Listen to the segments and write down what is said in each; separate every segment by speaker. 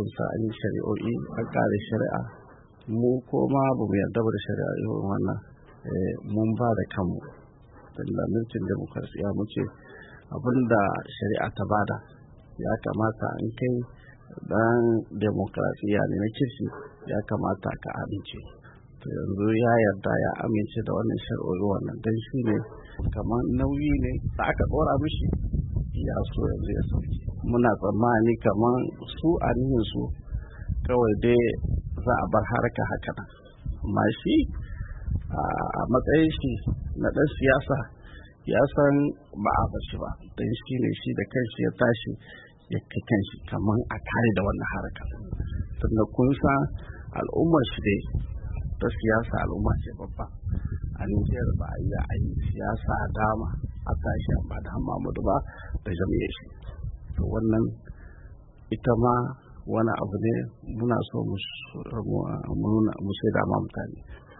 Speaker 1: kunsa an yi shari'o'i an shari'a mu ko ma ba mu yarda da shari'a irin wannan eh, mun ba da kanmu da mulkin mu ce abinda shari'a ta bada ya kamata an kai dan demokarsiya ne na kirki ya kamata ka amince to yanzu ya yarda ya amince da wannan shari'o'i wannan dan shi ne kamar nauyi ne da aka ɗora mishi ya so yanzu ya sauke muna tsammani kamar su a su kawai dai za a bar harka haka nan amma shi a matsayin shi na ɗan siyasa ya san ba a bashi ba don shi ne shi da kanshi ya tashi ya kai kanshi kamar a tare da wannan harka da kun sa al'ummar shi dai ta siyasa al'umma ce babba a nijiyar ba a yi siyasa a dama a tashi amma da hamamudu ba da jami'ai shi to wannan ita ma wani abu ne muna so mu sai da mutane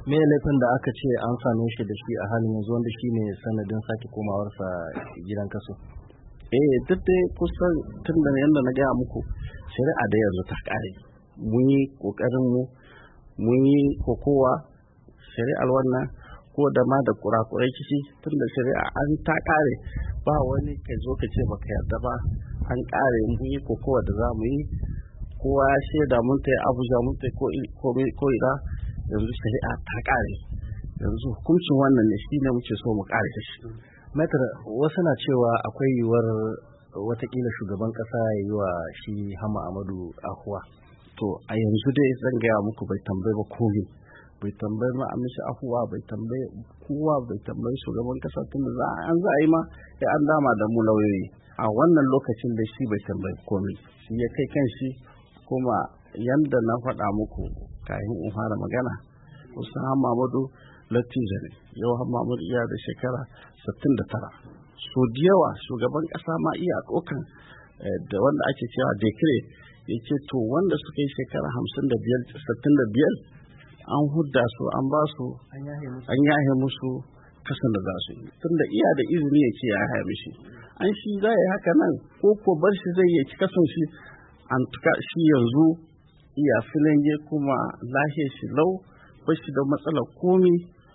Speaker 1: me laifin da aka ce an same shi da shi a halin yanzu wanda shi ne sanadin sake komawarsa gidan kaso eh duk dai kusan tun da yadda na gaya muku shari'a da yanzu ta kare mun yi kokarin mu mun yi kokowa shari'ar wannan ko da ma da kurakurai ciki tun da shari'a an ta kare ba wani ka zo ka ce baka yarda ba an kare mu yi ko kowa da za yi kowa ya shaida mun ta abuja mun ta ko ina yanzu shari'a ta kare yanzu hukuncin wannan ne shi ne muke so mu kare shi maitar wasu na cewa akwai yiwuwar watakila shugaban kasa ya yi wa shi hama amadu ahuwa to a yanzu dai zan gaya muku bai tambayi ba komi bai tambayi ma mishi afuwa bai tambayi kowa bai tambayi shugaban kasa tun da an za a yi ma ya an dama da mu lauyoyi a wannan lokacin da shi bai tambayi komai shi ya kai kan shi kuma yanda na faɗa muku kafin in fara magana Usman Mahmudu Latijo ne yau Mahmudu iya da shekara 69 so da yawa shugaban kasa ma iya ɗaukan eh, da wanda ake cewa dekre ya ce to wanda suka yi shekara 55 an hudda su an ba su an yahe musu kasan da za su yi Tun da iya da izini ya ce ya haya mishi an shi za ya haka nan ko ko bar shi zai yi kasan shi an tuka shi yanzu iya filin kuma lahe shi lau bashi da matsalar komi